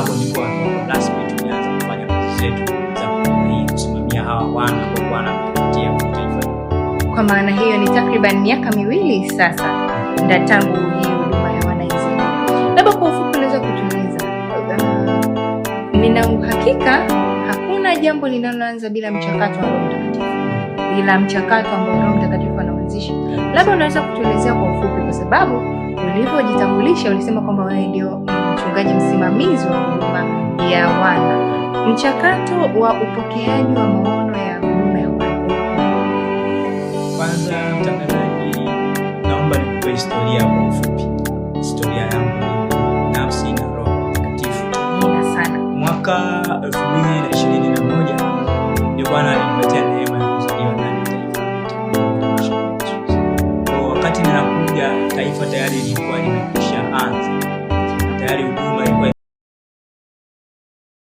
hapo ndipo rasmi tumeanza kufanya kazi zetu za hii kusimamia hawa wana kwa Bwana kupitia taifa. Kwa maana hiyo ni takriban miaka miwili sasa tangu hii huduma ya Wanaizera. Labda kwa ufupi unaweza kutueleza? Uh, nina uhakika hakuna jambo linaloanza bila mchakato wa Roho Mtakatifu, bila mchakato ambao Roho Mtakatifu anaanzisha. Labda unaweza kutuelezea kwa ufupi, kwa sababu ulivyojitambulisha ulisema kwamba wewe ndio mchungaji msimamizi wa ya wana. Mchakato wa upokeaji wa maono ya mume ya kwanza. Mtangazaji, naomba nikupe historia kwa ufupi, historia yangu nafsi na Roho Mtakatifu. Ina sana. Mwaka 2021 ndio Bwana alinipatia neema ya kuzaliwa ndani ya taifa. Wakati ninakuja taifa tayari lilikuwa limekwisha anza tayari huduma ilikuwa